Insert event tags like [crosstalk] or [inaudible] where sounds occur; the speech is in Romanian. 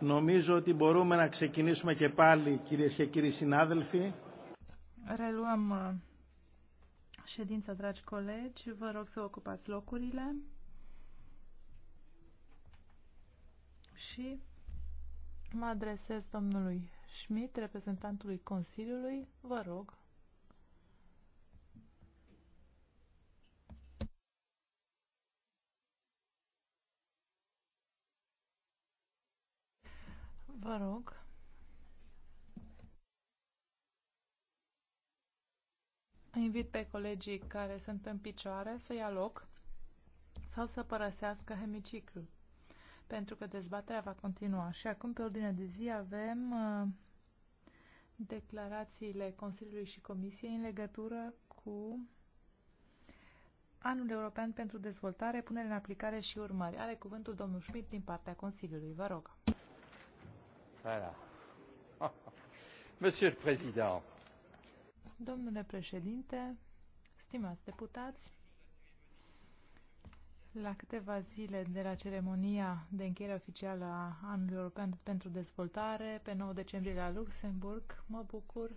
Νομίζω ότι μπορούμε να ξεκινήσουμε και πάλι, κυρίες και κύριοι συνάδελφοι. Reluăm uh, ședința, dragi colegi. Vă rog să ocupați locurile. Și mă adresez domnului Schmidt, reprezentantului Consiliului. Vă rog. Vă rog. Invit pe colegii care sunt în picioare să ia loc sau să părăsească hemiciclul, pentru că dezbaterea va continua. Și acum, pe ordine de zi, avem uh, declarațiile Consiliului și Comisiei în legătură cu Anul European pentru Dezvoltare, punere în aplicare și urmări. Are cuvântul domnul Schmidt din partea Consiliului. Vă rog. [laughs] Domnule președinte, stimați deputați, la câteva zile de la ceremonia de încheiere oficială a Anului European pentru Dezvoltare, pe 9 decembrie la Luxemburg, mă bucur